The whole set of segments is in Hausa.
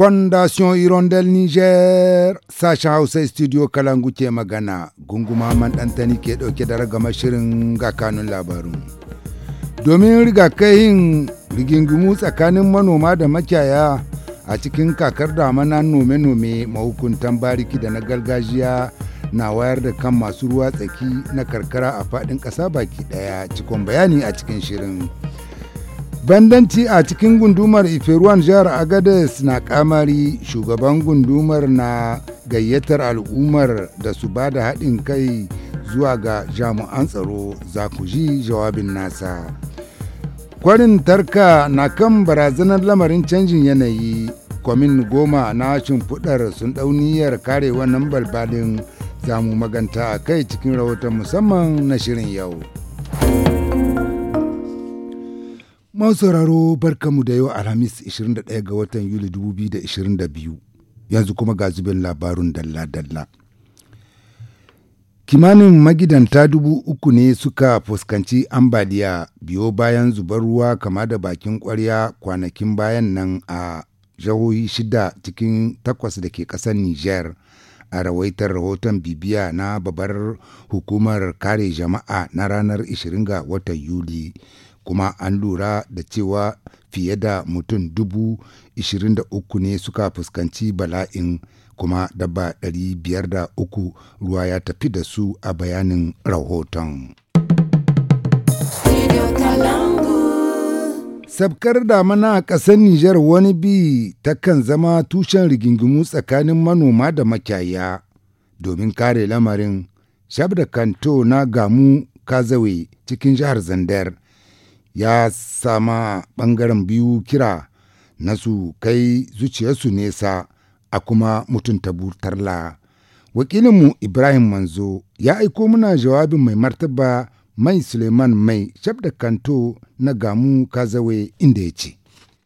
fondation irondel niger sasha hausa studio kalangu ke magana gunguma man ɗantani ke ɗauke da ragamar shirin ga kanun labarun domin rigakahin rigingimu tsakanin manoma da makiyaya a cikin kakar damana nome-nome mahukuntan bariki da na gargajiya na wayar da kan masu ruwa tsaki na karkara a faɗin ƙasa baki ɗaya cikon bayani a cikin shirin. bandanci a cikin gundumar iferuwan jihar Agadez na kamari shugaban gundumar na gayyatar al'ummar da su ba da haɗin kai zuwa ga jami'an tsaro za ku ji jawabin nasa kwarin tarka na kan barazanar lamarin canjin yanayi kwamin goma na shimfiɗar sun ɗauniyar kare wannan balbalin zamu maganta a kai cikin rahoton musamman na shirin yau. sauraro barkamu da yau Alhamis 21 ga watan Yuli 2022 yanzu kuma ga zubin labarun dalla-dalla. Kimanin magidanta dubu uku ne suka fuskanci ambaliya biyo bayan zubar ruwa kama da bakin kwarya kwanakin bayan nan a jihohi shida cikin takwas da ke ƙasar Nijar. a rawaitar rahoton bibiya na babar hukumar kare jama'a na ranar 20 ga watan yuli kuma an lura da cewa fiye da mutum dubu 23 ne suka fuskanci bala'in kuma dabba uku ruwa ya tafi da su a bayanin rahoton. sabkar damana a ƙasar Nijar wani bi kan zama tushen rigingimu tsakanin manoma da makyaya, domin kare lamarin shabda kanto na gamu kazawe cikin jihar Zandar ya sama ɓangaren biyu kira na su kai zuciyarsu nesa a kuma mutunta butarla. Wakilinmu Ibrahim Manzo ya aiko muna jawabin mai martaba Mai Suleiman Mai, shabda kanto na Gamu Kazawe inda ya ce.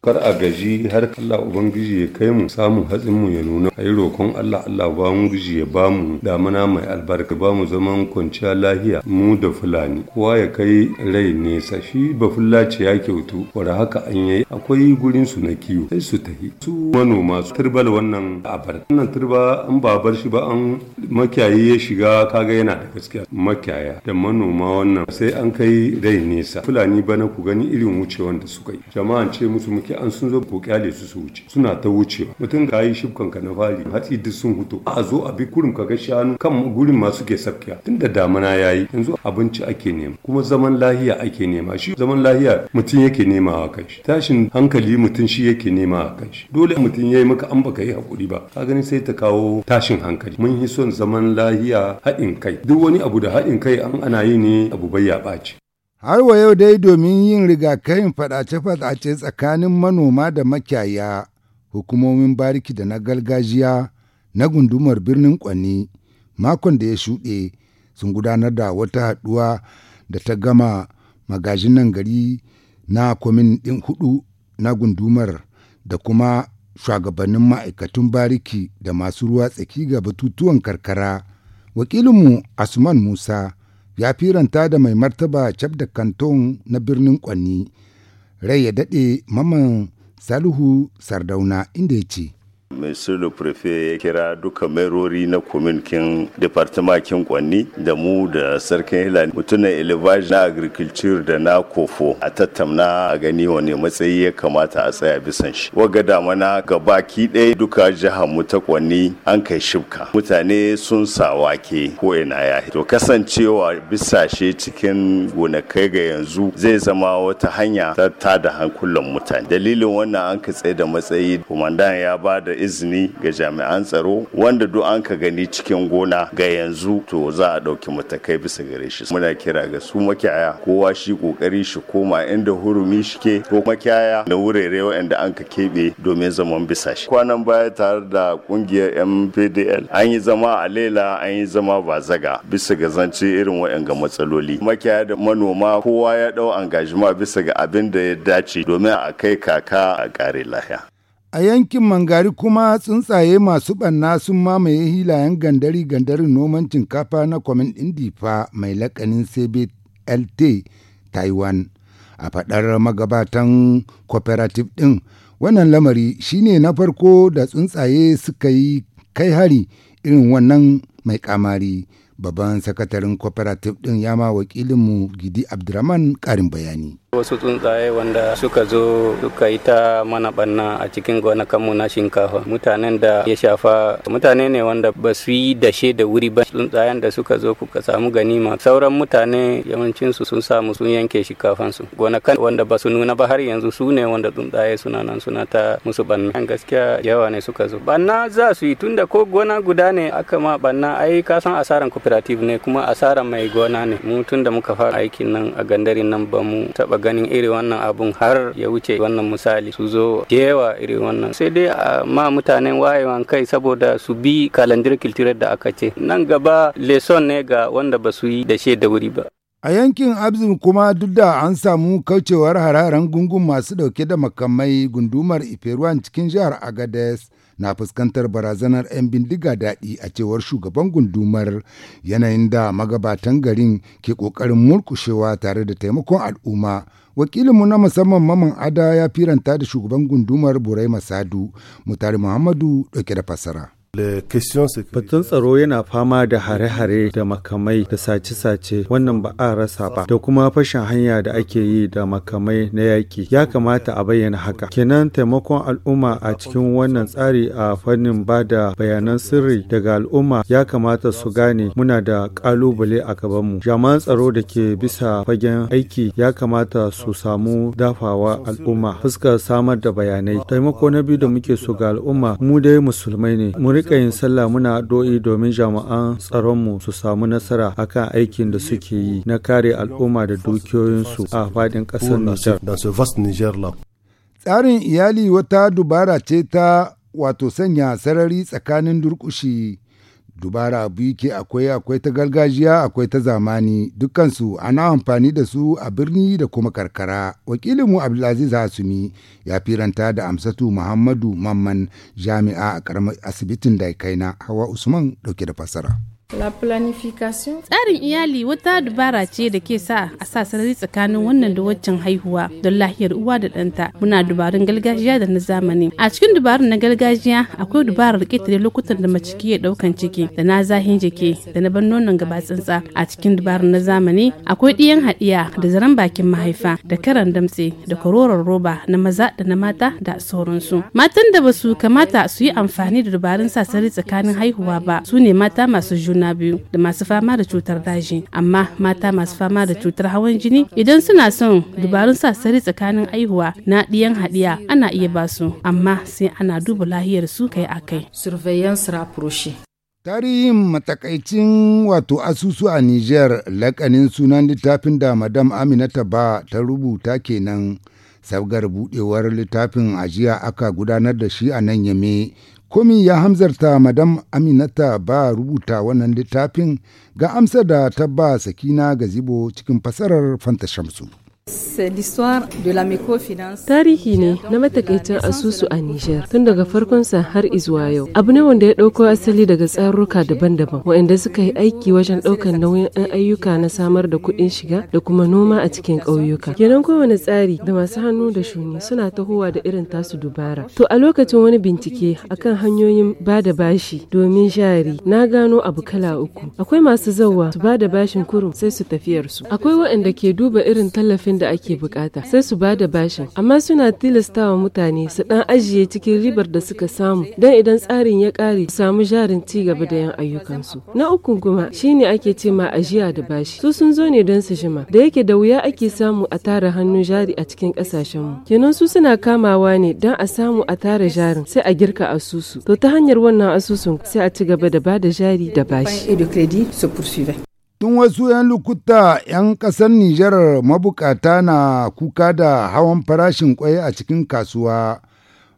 kar a gaji har Allah ubangiji ya kai mu samun hatsin mu ya nuna ayi roƙon Allah Allah ba mu gaji ya ba mu damana mai albarka ba mu zaman kwanciya lahiya mu da fulani kowa ya kai rai nesa shi ba ya kyautu wara haka an yi. akwai gurin su na kiwo sai su tahi su manoma su turbal wannan abar wannan turba an ba bar shi ba an makiyayi ya shiga kaga yana da gaskiya makiyaya da manoma wannan sai an kai rai nesa fulani bana ku gani irin wucewan da suka yi jama'an ce musu muke an sun zo ko kyale su su wuce suna ta wucewa mutum ga yi shibkan ka na fari hatsi duk sun hutu a zo a bi kurum ka ga shanu kan gurin masu ke sabkiya tunda damana yayi yanzu abinci ake nema kuma zaman lahiya ake nema shi zaman lahiya mutum yake nema a kanshi tashin hankali mutum shi yake nema a kanshi dole mutum yi maka an baka yi hakuri ba ka gani sai ta kawo tashin hankali mun yi son zaman lahiya haɗin kai duk wani abu da haɗin kai an ana yi ne abu bai ya ɓaci Har wa yau dai domin yin rigakafin faɗace fadace tsakanin manoma da makiyaya, hukumomin bariki da na gargajiya na gundumar birnin Kwani makon da ya shuɗe sun gudanar da wata haɗuwa da ta gama magajinan gari na kwamin ɗin hudu na gundumar da kuma shugabannin ma'aikatun bariki da masu ruwa tsaki ga batutuwan karkara wakilinmu asman musa ya firanta da mai martaba da kanton na birnin kwanni rai ya daɗe maman salihu sardauna inda ya ce Mr. Le Prefe ya kira duka merori na kominkin departamakin kwanni da mu da sarkin hilani mutunan elevage na agriculture da na kofo a tattamna a gani wani matsayi ya kamata a tsaya bisan shi. Waga damana ga baki ɗaya duka jihar mu ta kwanni an kai shibka. Mutane sun sa ke ko ina ya To kasancewa bisashe cikin gonakai ga yanzu zai zama wata hanya ta da hankulan mutane. Dalilin wannan an tsaye da matsayi, kumandan ya ba da izini ga jami'an tsaro wanda duk an ka gani cikin gona ga yanzu to za a ɗauki matakai bisa gare shi muna kira ga su makiyaya kowa shi kokari shi koma inda hurumi shike ko makiyaya na wurare waɗanda an ka keɓe domin zaman bisa shi kwanan baya tare da kungiyar mpdl an yi zama a lela an yi zama ba zaga bisa ga zance irin waɗanga matsaloli makiyaya da manoma kowa ya ɗau angajima bisa ga abin da ya dace domin a kai kaka a kare lahiya A yankin Mangari kuma tsuntsaye masu ɓanna sun mamaye hilayen gandari gandarin noman cinkafa na kwamin indifa mai lakanin CBLT Taiwan. A faɗar magabatan cooperative ɗin, wannan lamari shine na farko da tsuntsaye suka yi kai hari irin wannan mai kamari. babban sakataren cooperative din yama wakilinmu gidi abdurrahman karin bayani wasu tsuntsaye wanda suka zo suka yi ta mana banna a cikin gonakanmu na shinkafa mutanen da ya shafa mutane ne wanda ba su yi dashe da wuri ba tsuntsayen da suka zo kuka samu ganima sauran mutane yawancinsu sun samu sun yanke shinkafansu gonakan wanda ba su nuna ba har yanzu su ne wanda tsuntsaye suna nan suna ta musu banna an gaskiya yawa ne suka zo banna za su yi tunda ko gona guda ne aka ma banna ai ka san asaran ku cooperative ne kuma asara mai gona ne mu tun da muka fara aikin nan a gandarin nan ba mu taba ganin irin wannan abun har ya wuce wannan misali su zo yawa irin wannan sai dai a ma mutanen wayewan kai saboda su bi kalandar kiltirar da aka ce nan gaba leson ne ga wanda ba su yi da she da wuri ba a yankin abzim kuma duk da an samu kaucewar hararen gungun masu dauke da makamai gundumar iferuwan cikin jihar agadez. na fuskantar barazanar 'yan bindiga daɗi a cewar shugaban gundumar yanayin da magabatan garin ke ƙoƙarin murkushewa tare da taimakon al'umma wakilinmu na musamman maman ada ya firanta da shugaban gundumar burai masadu mutari muhammadu ɗauke da fassara. Batun tsaro yana fama da hare-hare da makamai da sace-sace wannan ba a rasa ba da kuma fashin hanya da ake yi da makamai na yaki, ya kamata a bayyana haka. Kenan taimakon al'umma a cikin wannan tsari a fannin ba da bayanan sirri daga al'umma ya kamata su gane muna da ƙalubale a gabanmu. Jami'an tsaro da ke bisa fagen aiki ya kamata su samu dafawa al'umma fuskar samar da bayanai. Taimako na biyu da muke so ga al'umma mu dai musulmai ne. rika yin sallah muna addu'o'i domin jami'an tsaronmu su samu nasara akan aikin da suke yi na kare al'umma da dukiyoyin su a faɗin ƙasar Nijar. Tsarin iyali wata dubara ce ta wato sanya sarari tsakanin durƙushi dubara abu yake akwai akwai ta gargajiya akwai ta zamani dukansu ana amfani da su a birni da kuma karkara wakilinmu abdulaziz hasumi ya firanta da amsatu muhammadu mamman jami'a a karamin asibitin da kaina hawa usman dauke da fassara. La planification. Tsarin iyali wata dubara ce da ke sa a sa sarari tsakanin wannan da waccan haihuwa don lahiyar uwa da ɗanta. Muna dubarun gargajiya da na zamani. A cikin dubarun na gargajiya akwai dubarar ƙetare lokutan da mace ke ɗaukan ciki da na zahin jiki da na ban nonon gaba tsantsa. A cikin dubarun na zamani akwai ɗiyan haɗiya da zaren bakin mahaifa da karan damtse da kwaroron roba na maza da na mata da sauransu. Matan da ba su kamata su yi amfani da dubarun sa sarari tsakanin haihuwa ba su ne mata masu juna juna biyu da masu fama da cutar daji amma mata masu fama da cutar hawan jini idan suna son dubarun sa sari tsakanin aihuwa na ɗiyan haɗiya ana iya ba su amma sai ana duba lahiyar su kai akai surveillance rapprochée Tarihin matakaicin wato asusu a niger lakanin sunan littafin da Madam Aminata ba ta rubuta kenan sabgar buɗewar littafin ajiya aka gudanar da shi a nan yame Komi ya hamzarta Madam Aminata ba rubuta wannan littafin ga amsa da ta ba Sakina Gazibo cikin fasarar Fanta Shamsu. Tarihi ne na matakaicin asusu a Nijar tun daga farkonsa har izuwa yau. Abu ne wanda ya ɗauko asali daga tsaruka daban-daban waɗanda suka yi aiki wajen ɗaukar nauyin ɗan ayyuka na samar da kuɗin shiga da kuma noma a cikin ƙauyuka. Kenan kowane tsari da masu hannu da shuni suna tahowa da irin tasu dubara. To a lokacin wani bincike akan hanyoyin ba da bashi domin jari na gano abu kala uku. Akwai masu zauwa su ba da bashin kurum sai su tafiyarsu. Akwai waɗanda ke duba irin tallafin abin da ake bukata sai su ba da bashin amma suna tilastawa mutane su dan ajiye cikin ribar da suka samu don idan tsarin ya kare samu jarin ci gaba da yan ayyukansu na uku kuma shine ake ce ma ajiya da bashi su sun zo ne don su jima da yake da wuya ake samu a tara hannun jari a cikin kasashen mu kenan su suna kamawa ne don a samu a tara jarin sai a girka asusu to ta hanyar wannan asusun sai a ci gaba da ba da jari da bashi Tun wasu 'yan lukuta 'yan ƙasar Nijar mabukata na kuka da hawan farashin kwai a cikin kasuwa.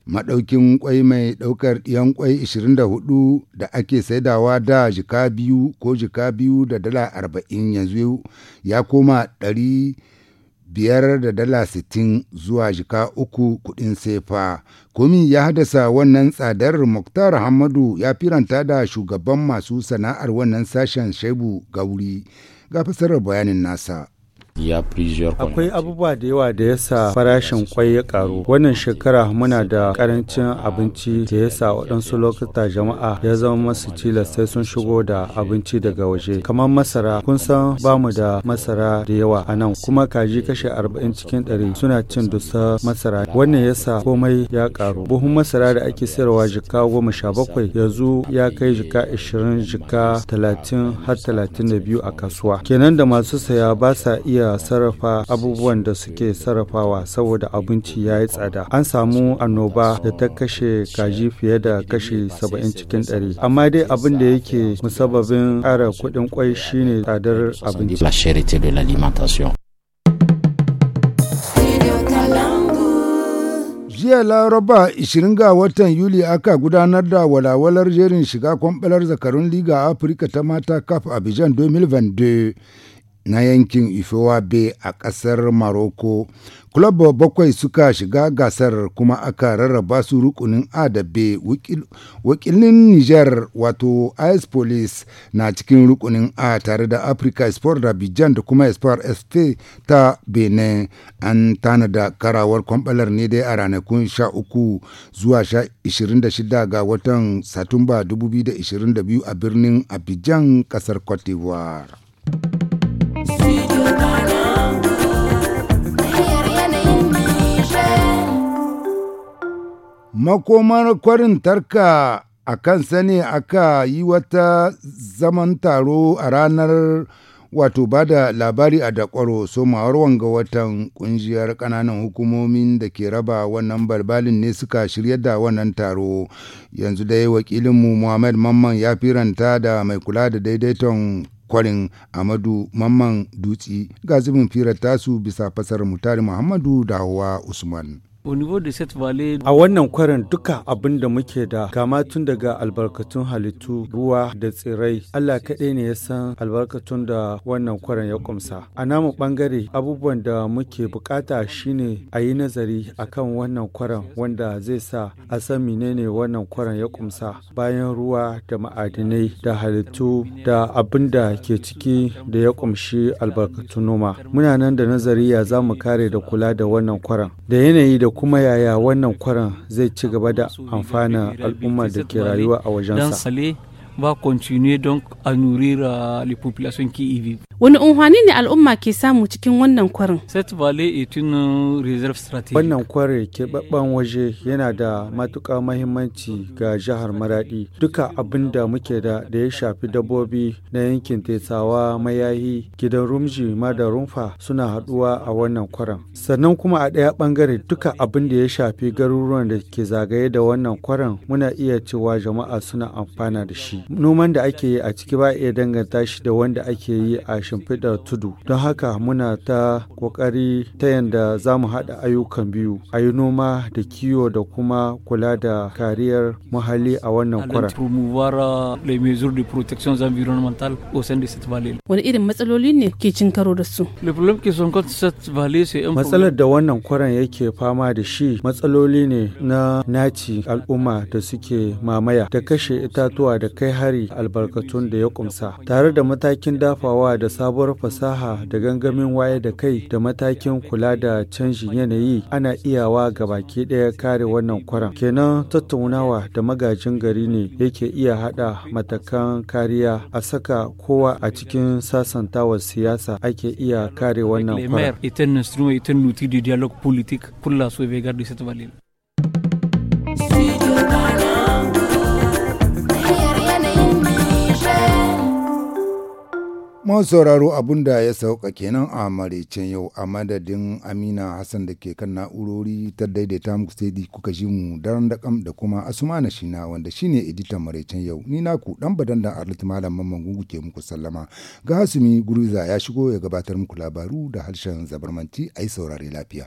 Maɗaukin kwai mai ɗaukar ɗiyan kwai 24 da ake saidawa da jika biyu ko jika biyu da dala 40 yanzu ya koma ɗari. biyar da dala sittin zuwa jika uku kuɗin sefa. Komi ya haddasa wannan tsadar Muktar Hamadu ya firanta da shugaban masu sana'ar wannan sashen Shaibu Gauri ga fasarar bayanin nasa. ya akwai abubuwa da yawa da yasa farashin kwai ya karu wannan shekara muna da karancin abinci da yasa waɗansu lokuta jama'a ya zama masu tilas sai sun shigo da abinci daga waje kamar masara kun san bamu da masara da yawa a nan kuma kaji kashe arba'in cikin ɗari suna cin dusa masara wannan yasa komai ya karu buhun masara da ake sayarwa jika goma sha bakwai yanzu ya kai jika ashirin jika talatin har talatin da biyu a kasuwa kenan da masu saya ba sa iya iya sarrafa abubuwan da suke sarrafawa saboda abinci ya yi tsada. An samu annoba da ta kashe kaji fiye da kashi 70 cikin 100. Amma dai abin da yake musababin ƙara kuɗin kwai shine tsadar abinci. jiya laraba 20 ga watan yuli aka gudanar da walawalar jerin shiga kwambalar zakarun liga afirka ta mata kaf abijan 2022 na yankin ifewa bay a kasar Maroko. Club bakwai suka shiga gasar kuma aka rarraba su rukunin A da B. Wakilin Niger wato IS Police na cikin rukunin A tare da Africa Sport da Bijan da kuma Sport ST ta Benin. An tanada karawar kwambalar ne dai a ranakun 13 zuwa 26 ga watan Satumba 2022 a birnin Abidjan kasar Cote d'Ivoire. makomar kwarin tarka a kan sani aka yi wata zaman taro a ranar wato ba da labari a dakwaro mawar wanga watan kungiyar kananan hukumomin da ke raba wannan balbalin ne suka shirya da wannan taro yanzu dai wakilinmu muhammad mamman ya firanta da mai kula da daidaiton kwarin amadu mamman dutsi ga zubin firar tasu bisa fasar mutari muhammadu da hawa usman A wannan kwarin duka abin da muke da kama tun daga albarkatun halittu ruwa da tsirai Allah kaɗai ne ya san albarkatun da wannan kwarin ya kumsa. A namu ɓangare abubuwan da muke bukata shine a yi nazari akan wannan kwarin wanda zai sa a san menene wannan kwarin ya kumsa bayan ruwa da ma'adinai da halittu da abin da ke ciki da ya kumshi albarkatun noma. Muna nan da nazari ya za mu kare da kula da wannan kwarin da yanayi da kuma yaya wannan kwarin zai ci gaba da amfana al'umma da ke rayuwa a wajensa. ba continue donc à nourrir euh, les populations qui y vivent. Wani unhwani ne al'umma ke samu cikin wannan kwarin? Set Valley Etino Reserve Strategy. Wannan kwarin keɓaɓɓen waje yana da matuƙa mahimmanci ga jihar maraɗi Duka abin da muke da da ya shafi dabbobi na yankin Tetsawa, Mayahi, Gidan Rumji, ma da Rumfa suna haɗuwa a wannan kwarin. Sannan kuma a ɗaya ɓangare duka abin da ya shafi garuruwan da ke zagaye da wannan kwarin muna iya cewa jama'a suna amfana da shi. Noman da ake yi a ciki ba iya danganta shi da wanda ake yi a shimfiɗa tudu don haka muna ta ƙoƙari ta yadda za mu haɗa ayyukan biyu a yi noma da kiwo da kuma kula da kariyar muhalli a wannan euh, Wani irin matsaloli ne ke cin karo da su? Matsalar da wannan kwaran yake fama da shi matsaloli ne na naci al'umma da suke mamaya da kashe itatuwa da kai hari albarkatun da ya kumsa tare da matakin dafawa da sabuwar fasaha da gangamin waye da kai da matakin kula da canjin yanayi ana iyawa ga baki daya kare wannan kwaran. Kenan tattaunawa da magajin gari ne yake iya hada matakan kariya a saka kowa a cikin sasantawar siyasa ake iya kare wannan kwaran. mun sauraro abun da ya sauka kenan a maraicen yau a madadin amina hassan da ke kan na'urori ta daidaita muku sai di kuka ji mu daren da kam da kuma asumana shina wanda shine editan maraicen yau ni naku dan badan da arlit malam mamman gungu ke muku sallama ga hasumi guruza ya shigo ya gabatar muku labaru da harshen zabarmanci yi saurare lafiya.